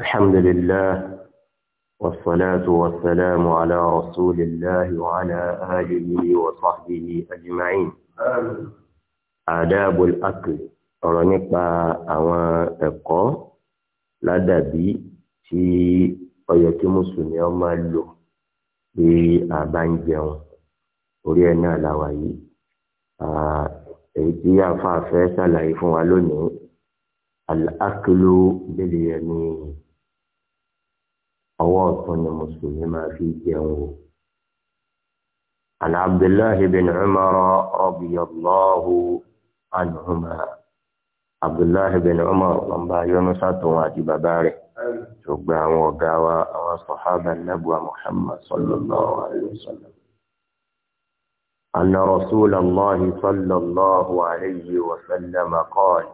الحمد لله والصلاة والسلام على رسول الله وعلى آله وصحبه أجمعين آداب الأكل ọ̀rọ̀ nípa àwọn ẹ̀kọ́ ládàbí tí ó yẹ kí mùsùlùmí ó máa lò bí àbá ń jẹun orí ẹ̀ náà làwà yìí èyí tí àfa fẹ́ ṣàlàyé fún wa lónìí al-aklu bil yamin. ọwọ́ مسلمة في كيانه عن عبد الله بن عمر رضي الله عنهما عبد الله بن عمر لما يونس واجب باره شبا وقاوى وصحابة النبوة محمد صلى الله عليه وسلم أن رسول الله صلى الله عليه وسلم قال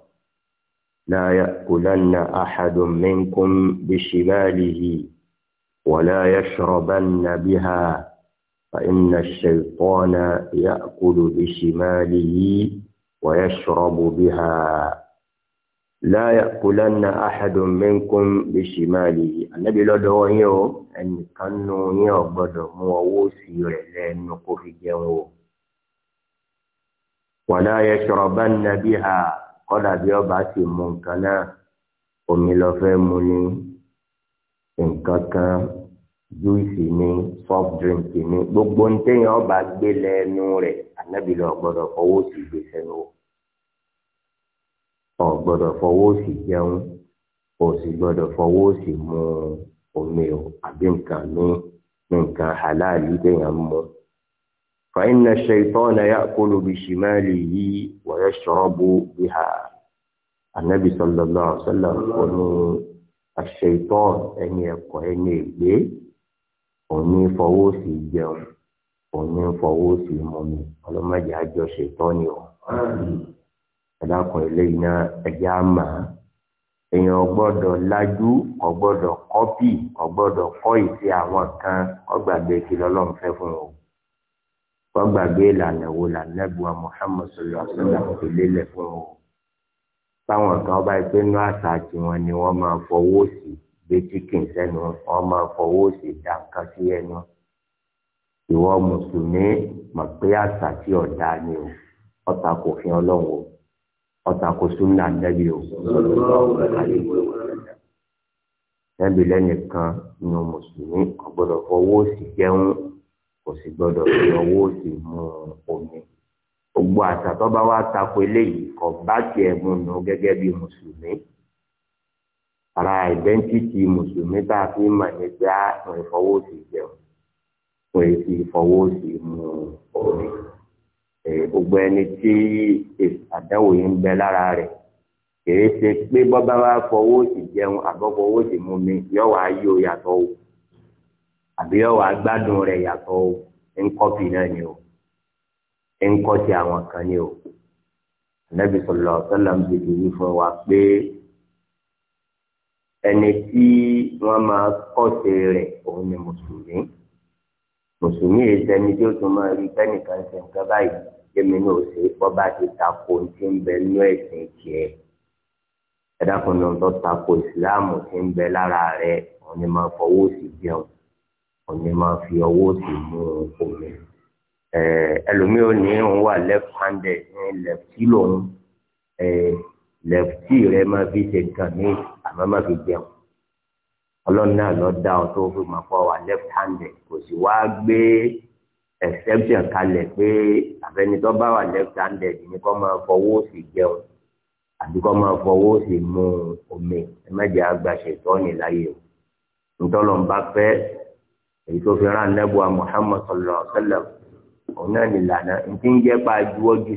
لا يأكلن أحد منكم بشباله ولا يشربن بها فإن الشيطان يأكل بشماله ويشرب بها لا يأكلن أحد منكم بشماله النبي لا دو أن كانوا يعبد مووسي لأنه كفي جنوه wàlá yashrabanna biha kọ́dà bí ọba sì mú nǹkan nǹkan kan júìsì ní soft drink ní gbogbo ní téèyàn ọba gbé lẹ́nu rẹ̀ ànábìlẹ̀ ọ̀gbọ́dọ̀ fọwọ́ sí gbèsè nù ọ̀gbọ́dọ̀ fọwọ́ sí jẹun o sì gbọ́dọ̀ fọwọ́ sí mu omi o àbí nǹkan ní nǹkan halali téèyàn ń mu. فإن الشيطان يأكل بشماله ويشرب بها النبي صلى الله عليه وسلم àṣetọ ẹni ẹ̀kọ́ ẹni ègbé òní fọwọ́ sí jẹun òní fọwọ́ sí mọ́mi ọlọ́mọdé àjọ ṣetọ́ ni o ẹ̀dàkùn eléyìí náà ẹ̀jẹ̀ àmà èèyàn gbọ́dọ̀ lajú kò gbọ́dọ̀ kọ́pì kò gbọ́dọ̀ kọ́ ìṣe àwọn kan kó gbàgbé kí lọ́lọ́run fẹ́ fún o kó gbàgbé ìlànà wo làǹdàgbà Muhammad sallallahu alaihi wasallam fi lélẹ̀ fún o táwọn kan bá pé inú àṣà tiwọn ni wọ́n máa fọwọ́ sí gbé chicken sẹ́nu wọ́n máa fọwọ́ sí dá nǹkan sí ẹnu ìwọ mùsùlùmí mọ̀ pé àṣà tí ọ̀dà ni o ọ̀tà kò fi ọlọ́run o ọ̀tà kò súnmọ́ àdẹ́bí o nẹ́bí lẹ́nìkan nu mùsùlùmí kò gbọ́dọ̀ fọwọ́ sí jẹun kò sì gbọ́dọ̀ fi ọwọ́ sí mu omi gbogbo àṣà tó bá wá tako eléyìí kò bá tiẹ̀ mu nù gẹ́gẹ́ bí mùsùlùmí ara ìdẹ́ntìtì mùsùlùmí tá a fi mọ̀ ní pé a ah, ń fọwọ́ jẹun ń fi fọwọ́ sí omi gbogbo ẹni tí àdáwò yìí ń bẹ lára rẹ̀ kìí ṣe pé bọ́bá wa fọwọ́ sí jẹun àbọ̀fọ̀ owó sì mú mi yóò wá yí o yàtọ̀ o àbí yóò wá gbádùn rẹ̀ yàtọ̀ o ń kọ́fì náà ni o ńkọ́ ti àwọn kan ni o anabi sọlọ sọlọ ń bèbè yìí fún wa pé ẹni tí wọ́n máa kọ́sẹ̀ rẹ̀ òun ni mùsùlùmí mùsùlùmí yìí sẹni tí ó tún máa rí kẹ́nìkan ṣe nǹkan báyìí kémi náà ṣe bọ́ba ti tako ti ń bẹ nú ẹ̀sìn tiẹ̀ ẹ̀dákùnrin tó tako ìsìláàmù ti ń bẹ lára rẹ̀ òun ni máa fọwọ́ sí jẹun òun ni máa fi ọwọ́ sí mú omi ẹlòmíì ò ní òun wà left handed ní lefty lòun lefty rẹ máa fi ṣe kàn ní àmọ́ máa fi jẹun ọlọ́run náà lọ dá ọ tó fi mọ̀ pọ̀ wà left handed kò sì wá gbé exception kalẹ̀ pé àfẹnitọ́ bá wà left handed ní kó máa fọwọ́ sí jẹun àbí kó máa fọwọ́ sí mu omi ẹ mẹ́jẹ̀ àgbàṣe tọ́ni láyé o ntọ́lọ́n bá fẹ́ èyí tó fi rán anábùwà Muhammad sallallahu alaihi wa sallam òun náà nìlànà ntí ń pa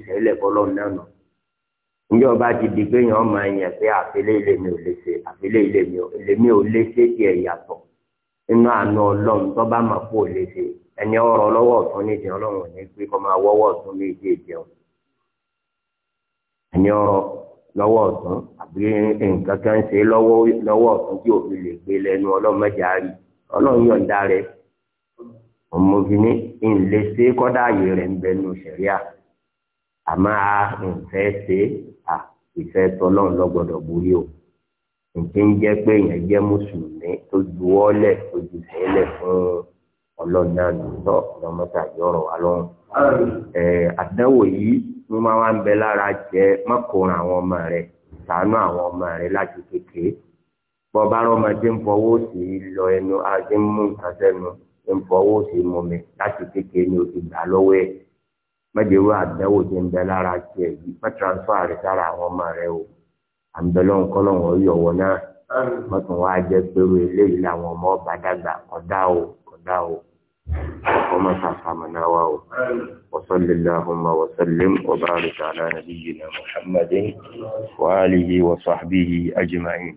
sẹ́lẹ̀ fọlọ́ ọba ti di pé yàn máa yàn pé ilé ò lè ṣe àfẹlẹ́ ilé ò ilé ò lè ṣe tiẹ̀ yàtọ̀ nínú àna ọlọ́run lè ṣe ẹni ọ̀rọ̀ lọ́wọ́ ọ̀tún ní ìdíyàn ọlọ́run ní pé kọ́ máa wọ́wọ́ ọ̀tún ní ìdí ọmọbìnrin ìǹlẹ̀ ṣe kọ́dà ààyè rẹ̀ ń bẹ nù sẹ̀ríà àmọ́ a ìfẹ́ ṣe à ìfẹ́ tọ́lọ́run lọ́gbọ́dọ̀ borí o nǹkan ń jẹ́ pé èèyàn jẹ́ mùsùlùmí tó juwọ́lẹ̀ tó ju sẹ́lẹ̀ fún ọlọ́run náà lọ́tọ̀ lọ́mọ́tà yọ̀rọ̀ wa lọ́rùn. àdánwò yìí ló máa wá ń bẹ lára jẹ mọ́kùnrin àwọn ọmọ rẹ̀ ṣàánú àwọn ọmọ rẹ̀ láti kékeré bọ́ bá rọ́mọdé ń fọwọ́ sí lọ ẹnu ajé ń mú nǹkan sẹ́nu ń fọwọ́ sí mu mi láti kékeré ni o ti gbà lọ́wọ́ ẹ̀ mẹ́jẹ̀wé àdánwò ti ń bẹ lára tiẹ̀ yìí má transfer rẹ̀ sára àwọn ọmọ rẹ̀ o àǹbẹ̀lọ́n kọ́lọ́hún ọ̀yọ̀wọ̀ náà wọ́n tún wá jẹ́ pẹ̀lú eléyìí làwọn ọmọ ọba dàgbà ọ̀dà o ọ̀dà o ọmọ sàfàmìnà wa o wasalilahuma wasalim wabarika ala nabiyina muhammadin wa alihi wa sahbihi ajma'in.